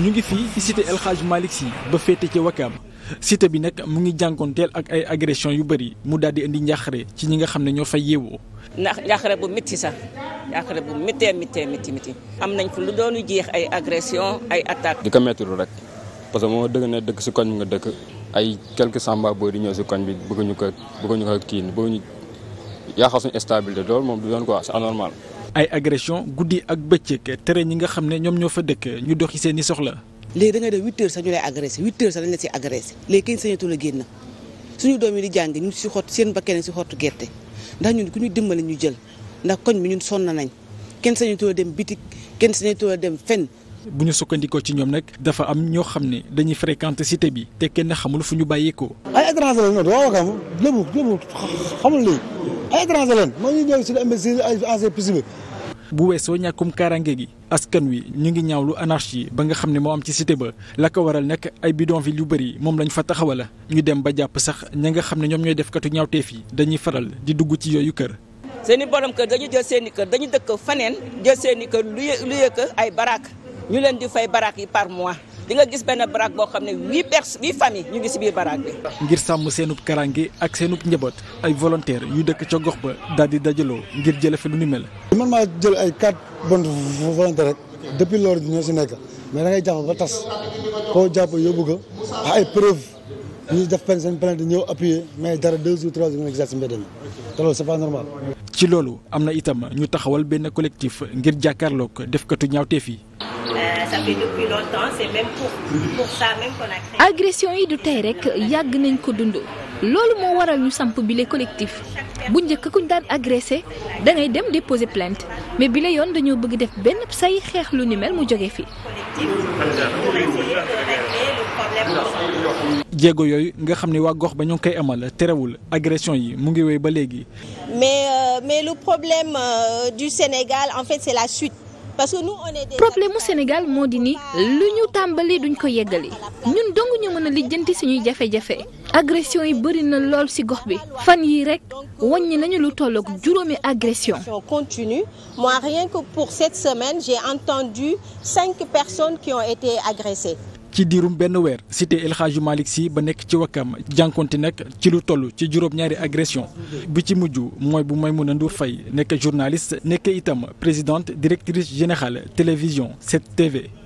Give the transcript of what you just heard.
ñu ngi fii ci cité El Hadj Malick Sy ba féete ci Wakaam cité bi nag mu ngi jànkoonteel ak ay agression yu bëri mu daal di indi njaaxare ci ñi nga xam ne ñoo fay yeewoo. ndax njaaxare bu métti sax njaaxare bu méttee méttee métti métti am nañ fu lu doonu jeex ay agression ay attaques. di ko métti rek parce que moo dëgg ne dëkk ci koñ nga dëkk ay quelques samba boo di ñëw ci koñ bi bëgguñu ko bëgguñu ko tiin bëgguñu yaaxal suñu stabilité loolu moom du doon ko c'est anormal. ay agression guddi ak bëccëg tere ñi nga xam ne ñoom ñoo fa dëkk ñu doxi seen i soxla. léegi da dem def huit heures sax ñu lay agressé huit heures sax dañ la si agressé léegi kenn sañatu la génn suñu doom yi di jàng ñu si xott seen ba bakkan si xottu gerte ndax ñun ku ñu dimbali ñu jël ndax koñ bi ñun sonn nañ kenn sañatu la dem bitik kenn sañatu la dem fenn. bu ñu sukkandikoo ci ñoom nag dafa am ñoo xam ne dañuy fréquenter cité bi te kenn xamul fu ñu bàyyeekoo. ñu doon waaw kay ay étranger moo ñu ñëw si la investir ay ancien bu weesoo ñàkkum kaaraange gi askan wi ñu ngi ñaw lu anarchie ba nga xam ne moo am ci cité ba la ko waral nag ay bidonville yu bëri moom lañ fa taxawala ñu dem ba jàpp sax ña nga xam ne ñoom ñooy def katu ñaawteef yi dañuy faral di dugg ci yooyu kër. seen i borom kër dañu jël seen i kër dañu dëkk faneen jël seen i kër lu luye ay baraak ñu leen di fay baraak yi par mois. di nga gis benn baraag boo xam ne huit pers huit famille ñu ngi si biir baraag bi. ngir sàmm seenub karange ak seenub njaboot ay volontaire yu dëkk ca gox ba daal di dajaloo ngir jële fi lu ni mel. man maa jël ay quatre bonnes volontaires rek depuis loolu ñoo si nekk mais da ngay jàpp ba tas koo jàpp yóbbu ko ah, ay preuve ñuy def pen seen plainte ñëw appuyer mais dara deux ou trois jours nga gisaat si mbedd mi te loolu c'est pas normal. ci loolu am na itam ñu taxawal benn collectif ngir jàkkaarloog defkatu ñaawteef yi. Euh, ça fait depuis longtemps agression yi du tey rek yàgg nañ ko dund loolu moo waral ñu samp bile collectif bu njëkk kuñ daan agressé da ngay dem déposer plaint mais bi la yoon dañoo bëgg def benn say xeex lu ni mel mu jóge fi jéego yooyu nga xam ne waa gox ba ñoo koy amal terewul agression yi mu ngi wéy ba léegi. mais euh, mais le problème euh, du Sénégal en fait c'est la suite. parce que nous on est Sénégal moo di ni lu ñu tàmbali duñ ko yeggali ñun dong ñu mën a lijjanti suñuy jafe-jafe agression yi bëri na lool ci gox bi fan yi rek waññi nañu lu tollook juróomi agression continue moi rien que pour cette semaine j'ai entendu cinq personnes qui ont été agressées ci diirum benn weer cité El Hadji Malick Sy ba nekk ci Wakam jànkonte nag ci lu toll ci juróom-ñaari agression bi ci mujj mooy bu a nduur Faye nekk journaliste nekk itam présidente directrice générale télévision 7TV